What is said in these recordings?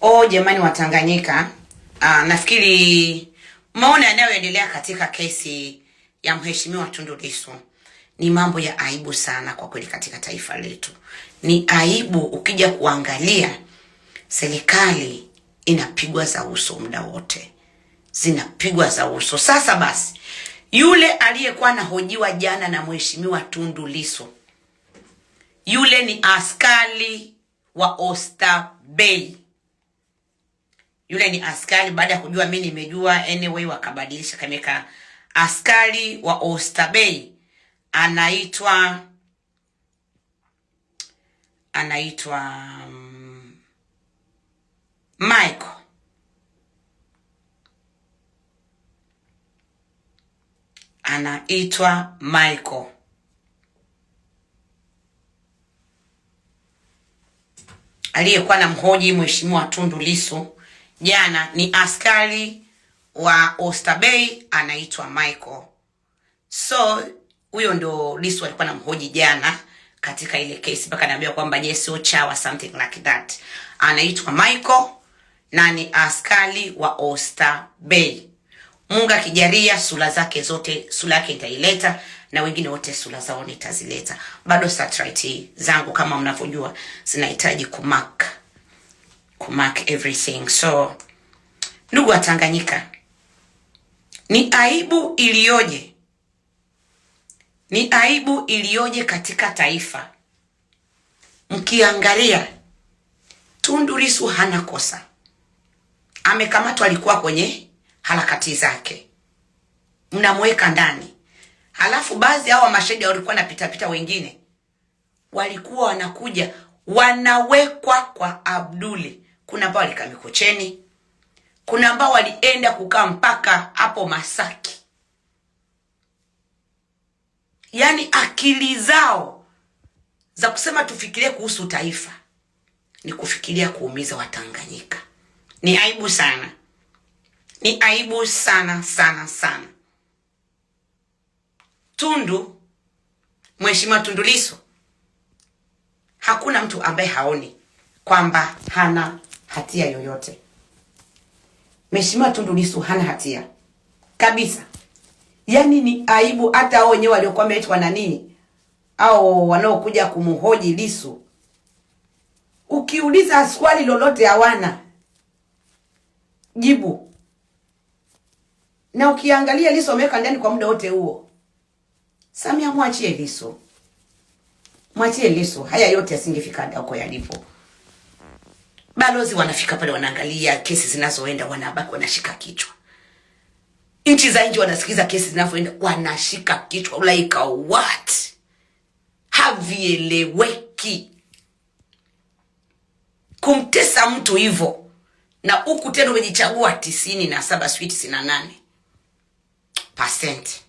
O jamani wa Tanganyika, uh, nafikiri maona yanayoendelea katika kesi ya mheshimiwa Tundu lisu ni mambo ya aibu sana kwa kweli katika taifa letu. Ni aibu ukija kuangalia serikali inapigwa za uso muda wote. Zinapigwa za uso. Sasa basi yule aliyekuwa anahojiwa jana na mheshimiwa Tundu lisu yule ni askari wa bay yule ni askari, baada ya kujua mi nimejua, anyway wakabadilisha kameka askari wa Oysterbay anaitwa anaitwa um, Michael anaitwa Michael. Aliyekuwa na mhoji Mheshimiwa Tundu Lissu jana ni askari wa Bay anaitwa Michael. So huyo ndo Lissu alikuwa na mhoji jana katika ile kesi, mpaka anaambia kwamba yes, sio chawa something like that. Anaitwa Michael na ni askari wa Bay. Mungu akijalia sura zake zote, sura yake nitaileta na wengine wote sura zao nitazileta. Bado satellite zangu kama mnavyojua zinahitaji kumaka kumark everything. So ndugu wa Tanganyika, ni aibu iliyoje, ni aibu iliyoje katika taifa. Mkiangalia tundurisu hana kosa, amekamatwa, alikuwa kwenye harakati zake, mnamweka ndani, halafu baadhi hao mashahidi walikuwa na pitapita wengine walikuwa wanakuja wanawekwa kwa Abduli kuna ambao walikaa Mikocheni, kuna ambao walienda kukaa mpaka hapo Masaki. Yaani akili zao za kusema tufikirie kuhusu taifa ni kufikiria kuumiza Watanganyika. Ni aibu sana, ni aibu sana sana sana. Tundu, Mheshimiwa Tundu Lissu, hakuna mtu ambaye haoni kwamba hana hatia yoyote. Mheshimiwa Tundu Lissu hana hatia kabisa. Yaani ni aibu hata hao wenyewe waliokuwa wameitwa na nini au wanaokuja kumhoji Lissu, ukiuliza swali lolote hawana jibu, na ukiangalia Lissu ameweka ndani kwa muda wote huo. Samia, mwachie Lissu, mwachie Lissu, haya yote yasingefika huko yalipo balozi wanafika pale, wanaangalia kesi zinazoenda, wanabaki wanashika kichwa. Nchi za nje wanasikiza kesi zinavyoenda, wanashika kichwa like what, havieleweki kumtesa mtu hivyo, na huku tena umejichagua tisini na saba sijui tisini na nane pasenti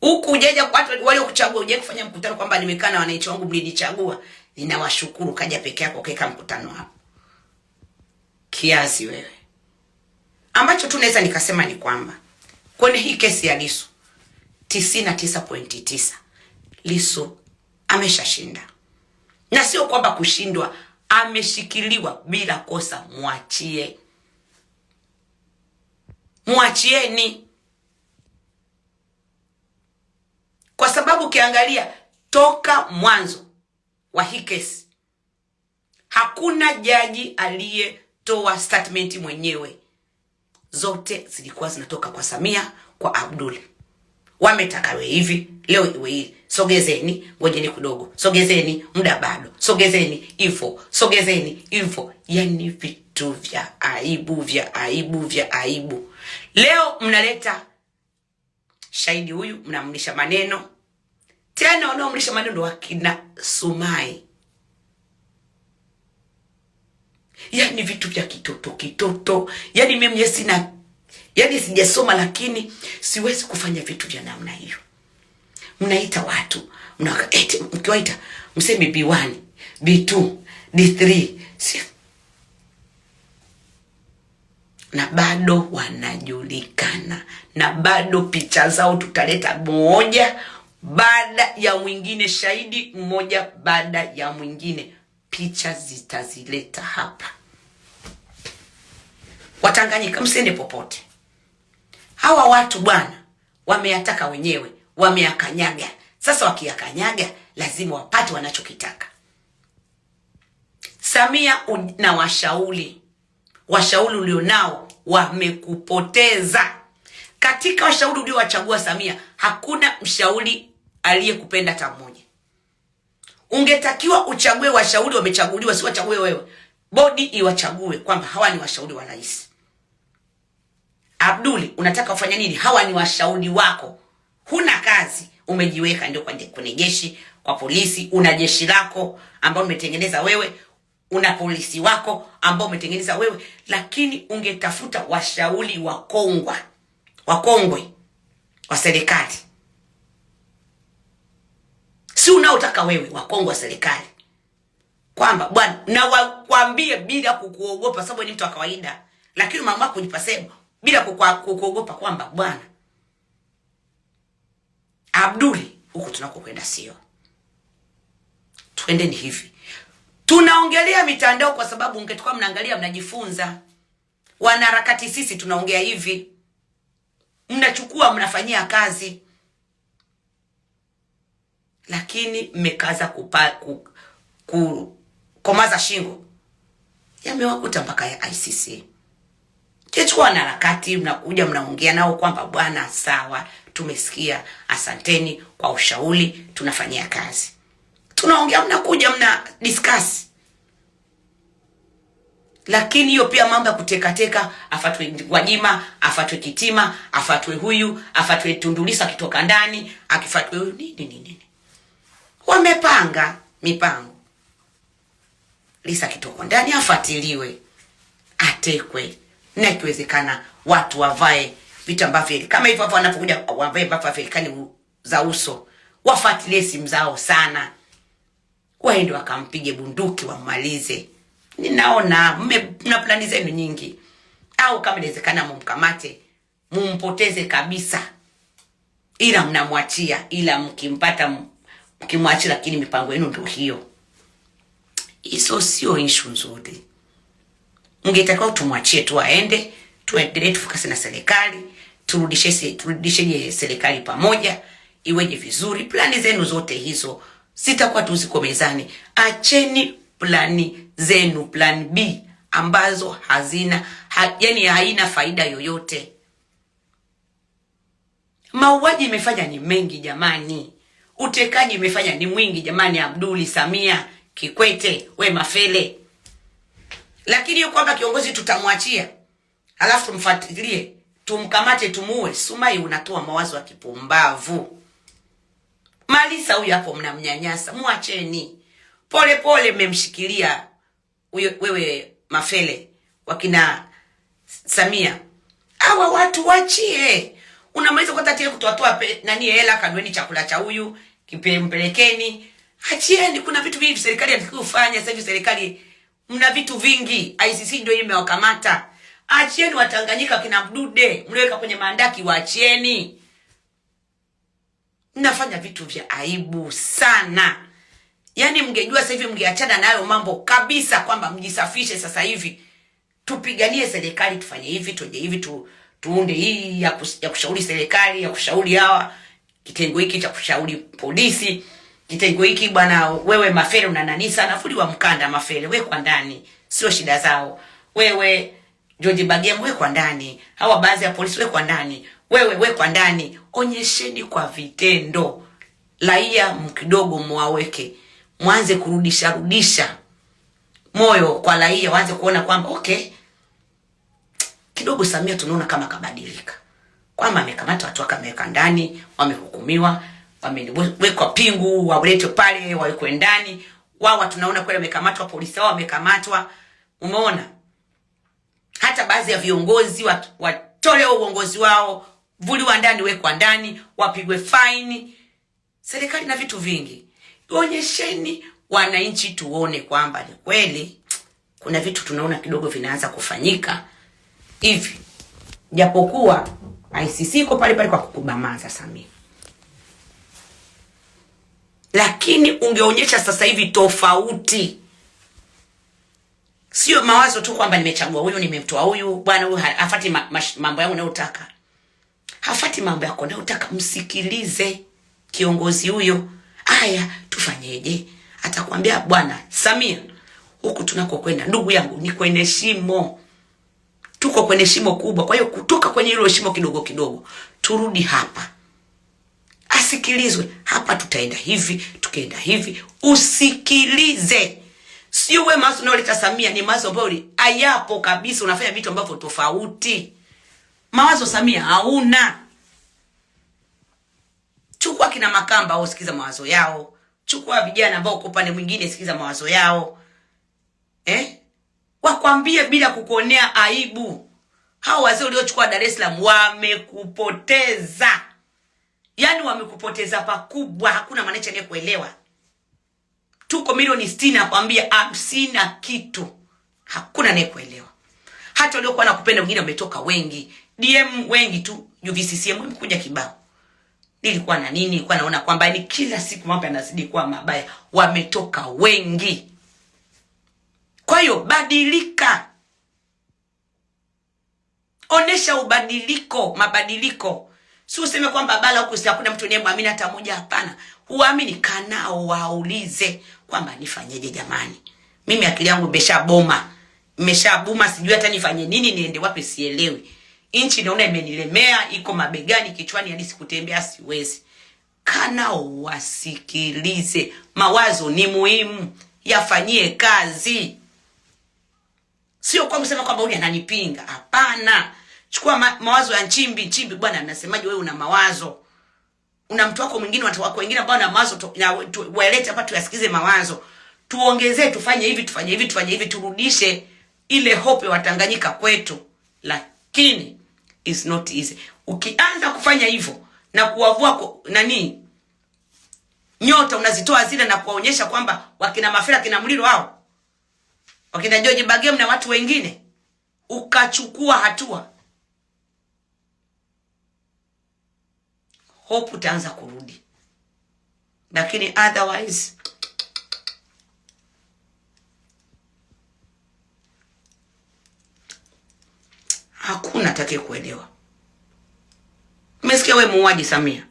huku ujaja watu waliokuchagua, ujaja kufanya mkutano kwamba nimekaa na wananchi wangu mlinichagua ninawashukuru, kaja peke yako keka mkutano hapo kiasi wewe. Ambacho tu naweza nikasema ni kwamba kwenye hii kesi ya Lisu 99.9 lisu ameshashinda, na sio kwamba kushindwa, ameshikiliwa bila kosa. Mwachie, mwachieni, kwa sababu ukiangalia toka mwanzo wa hii kesi. Hakuna jaji aliyetoa statement mwenyewe, zote zilikuwa zinatoka kwa Samia, kwa Abduli. Wametaka we hivi, leo iwe hivi, sogezeni, ngojeni kidogo, sogezeni, muda bado, sogezeni hivyo, sogezeni hivyo, yani vitu vya aibu vya aibu vya aibu. Leo mnaleta shahidi huyu, mnamlisha maneno tena wanaomlisha maneno wakina Sumai, yaani vitu vya kitoto kitoto. Yaani mimi sina, yaani sijasoma, lakini siwezi kufanya vitu vya namna hiyo. Mnaita watu mna, eti, mkiwaita mseme B1 B2 D3 si, na bado wanajulikana na bado picha zao tutaleta moja baada ya mwingine, shahidi mmoja baada ya mwingine. Picha zitazileta hapa. Watanganyika, msende popote. Hawa watu bwana, wameyataka wenyewe, wameyakanyaga. Sasa wakiyakanyaga, lazima wapate wanachokitaka. Samia na washauri, washauri ulionao wamekupoteza. Katika washauri uliowachagua Samia, hakuna mshauri aliyekupenda hata mmoja. Ungetakiwa uchague washauri, wamechaguliwa, si wachague wewe. Bodi iwachague kwamba hawa ni washauri wa rais. Abduli, unataka ufanya nini? Hawa ni washauri wako, huna kazi, umejiweka ndio kwenye jeshi, kwa polisi. Una jeshi lako ambao umetengeneza wewe, una polisi wako ambao umetengeneza wewe, lakini ungetafuta washauri wakongwa wakongwe wa serikali si unaotaka wewe, wakongwe wa serikali, kwamba bwana, na wakwambie bila kukuogopa, sababu ni mtu wa kawaida, lakini mama kujipa sema bila kukuogopa kwamba bwana Abduli, huko tunakokwenda sio, twendeni hivi. Tunaongelea mitandao kwa sababu ungetukua mnaangalia, mnajifunza. Wanaharakati sisi tunaongea hivi, mnachukua mnafanyia kazi lakini mmekaza ku, ku, komaza shingo. Yamewakuta mpaka ya ICC. Kichukua na harakati, mnakuja mnaongea nao kwamba bwana, sawa, tumesikia, asanteni kwa ushauri, tunafanyia kazi. Tunaongea, mnakuja mna discuss lakini hiyo pia mambo ya kutekateka, afatwe Gwajima, afatwe Kitima, afatwe huyu, afatwe tundulisa akitoka ndani, akifatwe nini nini nini wamepanga mipango. lisa kitoko ndani afuatiliwe, atekwe, na ikiwezekana watu wavae vitu ambavyo kama hivyo hapo wanapokuja wavae bapa Afrikani za uso, wafuatilie simu zao sana, waende wakampige bunduki wamalize. Ninaona mna plani zenu nyingi, au kama inawezekana mumkamate mumpoteze kabisa, ila mnamwachia, ila mkimpata kimwachi, lakini mipango yenu ndio hiyo. Hizo sio issue nzuri. Mngetakiwa tumwachie tu aende, tuendelee tufukase na serikali, turudishe turudishe serikali pamoja iweje vizuri. Plani zenu zote hizo sitakuwa tu ziko mezani. Acheni plani zenu, plan B ambazo hazina ha, yani haina faida yoyote. Mauaji imefanya ni mengi jamani. Utekaji imefanya ni mwingi jamani, Abduli, Samia, Kikwete, we mafele. Lakini hiyo kwamba kiongozi tutamwachia halafu tumfuatilie tumkamate tumuue, Sumai unatoa mawazo ya kipumbavu. Malisa huyu hapo mnamnyanyasa, mwacheni pole pole, mmemshikilia wewe Mafele, wakina Samia, hawa watu wachie unamaliza kwa tatia kutoa toa nani hela, kanueni chakula cha huyu, kimpelekeni. Achieni, kuna vitu vingi serikali inatakiwa sasa hivi. Serikali mna vitu vingi, ICC ndio imewakamata. Achieni Watanganyika kina Mdude mliweka kwenye maandaki, waachieni. nafanya vitu vya aibu sana. Yaani mngejua sasa hivi mngeachana nayo mambo kabisa, kwamba mjisafishe sasa hivi, tupiganie serikali, tufanye hivi, tuje hivi tu tuunde hii ya, kus, ya kushauri serikali ya kushauri hawa, kitengo hiki cha kushauri polisi, kitengo hiki bwana, wewe Mafere una nani sana, fuli wa mkanda Mafere wewe kwa ndani, sio shida zao. Wewe George bagem wewe kwa ndani, hawa baadhi ya polisi wewe kwa ndani, wewe wewe kwa ndani. Onyesheni kwa vitendo, raia mkidogo mwaweke, mwanze kurudisha rudisha moyo kwa raia, waanze kuona kwamba okay kidogo Samia tunaona kama kabadilika, kwamba amekamata watu akameweka ndani, wamehukumiwa, wamewekwa pingu, waletwe pale, wawekwe ndani. Wao tunaona kweli wamekamatwa, polisi wao wamekamatwa. Umeona hata baadhi ya viongozi watolewe uongozi wao, vuliwa ndani, wekwa ndani, wapigwe faini. Serikali na vitu vingi, tuonyesheni wananchi tuone kwamba ni kweli kuna vitu tunaona kidogo vinaanza kufanyika hivi, japokuwa ICC iko pale pale kwa kukubamaza Samia, lakini ungeonyesha sasa hivi tofauti, sio mawazo tu kwamba nimechagua huyu, nimemtoa huyu, bwana huyu hafati ma, mambo yangu nayotaka, hafati mambo yako nayotaka. Msikilize kiongozi huyo. Aya, tufanyeje? Atakwambia bwana Samia, huku tunakokwenda ndugu yangu ni kwenye shimo tuko kwenye shimo kubwa. Kwa hiyo kutoka kwenye hilo shimo kidogo kidogo turudi hapa, asikilizwe hapa, tutaenda hivi, tukaenda hivi, usikilize. Sio wewe mawazo unayoleta Samia ni mawazo ambayo hayapo kabisa, unafanya vitu ambavyo tofauti. Mawazo Samia hauna. Chukua kina Makamba au sikiza mawazo yao, chukua vijana ambao uko upande mwingine, sikiza mawazo yao eh? wakwambie bila kukuonea aibu. Hao wazee uliochukua Dar es Salaam wamekupoteza, yaani wamekupoteza pakubwa. Hakuna mwananchi kuelewa, Tuko milioni sitini, nakwambia hamsini na kitu, hakuna kuelewa. Hata waliokuwa nakupenda wengine wametoka wengi, DM wengi tu, UVCCM wamekuja kibao. Nilikuwa na nini, nilikuwa naona kwamba ni yaani kila siku mambo yanazidi kuwa mabaya, wametoka wengi. Kwa hiyo badilika, onesha ubadiliko, mabadiliko. Si useme kwamba bala huku hakuna mtu nayemwamini hata mmoja. Hapana, huamini, kanao waulize kwamba nifanyeje? Jamani, mimi akili yangu imeshaboma, imeshabuma, sijui hata nifanye nini, niende wapi, sielewi. Nchi naona imenilemea, iko mabegani, kichwani, hadi sikutembea siwezi. Kanao wasikilize, mawazo ni muhimu, yafanyie kazi. Sio kwa msema kwamba huyu ananipinga. Hapana. Chukua ma mawazo ya Nchimbi. Nchimbi bwana, nasemaje wewe una mawazo? Una mtu wako mwingine, watu wako wengine ambao na mawazo walete hapa tuyasikize mawazo. Tuongezee, tufanye hivi, tufanye hivi, tufanye hivi, turudishe ile hope Watanganyika kwetu. Lakini is not easy. Ukianza kufanya hivyo na kuwavua nani? Nyota unazitoa zile na kuwaonyesha kwamba wakina Mafela kina Mlilo wao wakina George Bagem na watu wengine, ukachukua hatua, hope utaanza kurudi, lakini otherwise hakuna atakaye kuelewa. Umesikia we muuaji Samia?